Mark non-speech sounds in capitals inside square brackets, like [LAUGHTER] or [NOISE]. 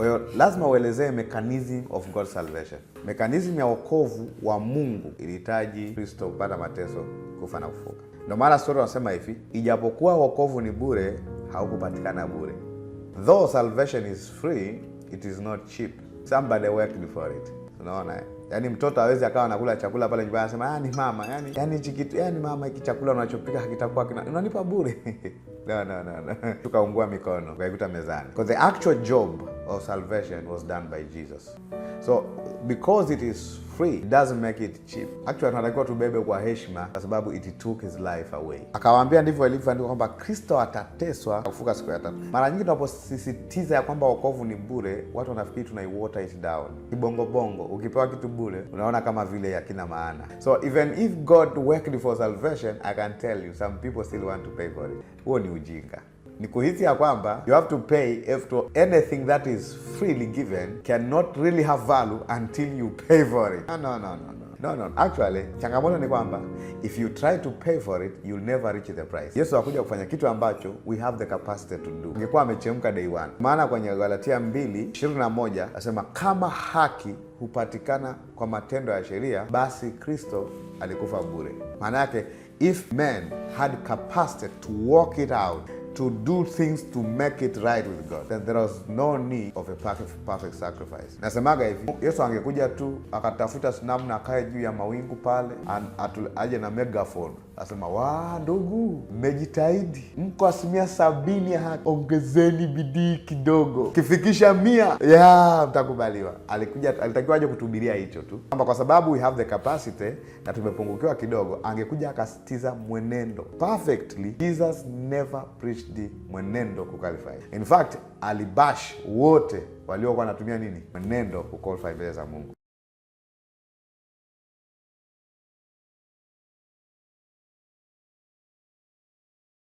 Kwa hiyo lazima uelezee mechanism of God salvation. Mechanism ya wokovu wa Mungu ilihitaji Kristo kupata mateso, kufa na kufuka. Ndio maana stori wanasema hivi, ijapokuwa wokovu ni bure, haukupatikana bure. Though salvation is free, it is not cheap. Somebody worked for it. Unaona eh? Yaani mtoto hawezi akawa anakula chakula pale nyumbani anasema, ah, yaani mama, yani yani hichi kitu, yaani mama, hiki chakula unachopika hakitakuwa kina unanipa bure. [LAUGHS] No, no, no, no. [LAUGHS] Tukaungua mikono, ukaikuta mezani. Because the actual job of salvation was done by Jesus. So because it is free, it doesn't make it cheap. Actually tunatakiwa tubebe kwa heshima, kwa sababu it took his life away. Akawaambia ndivyo ilivyoandikwa kwamba Kristo atateswa kufuka siku ya tatu. Mara nyingi tunaposisitiza ya kwamba wokovu ni bure, watu wanafikiri tuna it down. kibongobongo ukipewa kitu bure unaona kama vile hakina maana. So even if God worked for salvation, I can tell you some people still want to pay for it. Huo ni ujinga ni kuhisi ya kwamba you have to pay after anything that is freely given cannot really have value until you pay for it. No, no, no, no. No, no. Actually, changamoto ni kwamba if you try to pay for it you'll never reach the price. Yesu akuja kufanya kitu ambacho we have the capacity to do. Ingekuwa amechemka day one, maana kwenye Galatia 2:21 asema kama haki hupatikana kwa matendo ya sheria, basi Kristo alikufa bure. Maana yake if men had capacity to walk it out to do things to make it right with God. Then there was no need of a perfect, perfect sacrifice. Nasemaga hivi, Yesu angekuja tu akatafuta sanamu na kae juu ya mawingu pale, aje na megaphone asema, wa ndugu, mmejitahidi, mko asilimia sabini ya ongezeni bidii kidogo, kifikisha mia ya mtakubaliwa. Alikuja, alitakiwa aje kutuhubiria hicho tu, kwamba kwa sababu we have the capacity na tumepungukiwa kidogo, angekuja akasitiza mwenendo perfectly. Jesus never preached did mwenendo kuqualify. In fact, alibash wote waliokuwa wanatumia nini mwenendo kuqualify mbele za Mungu.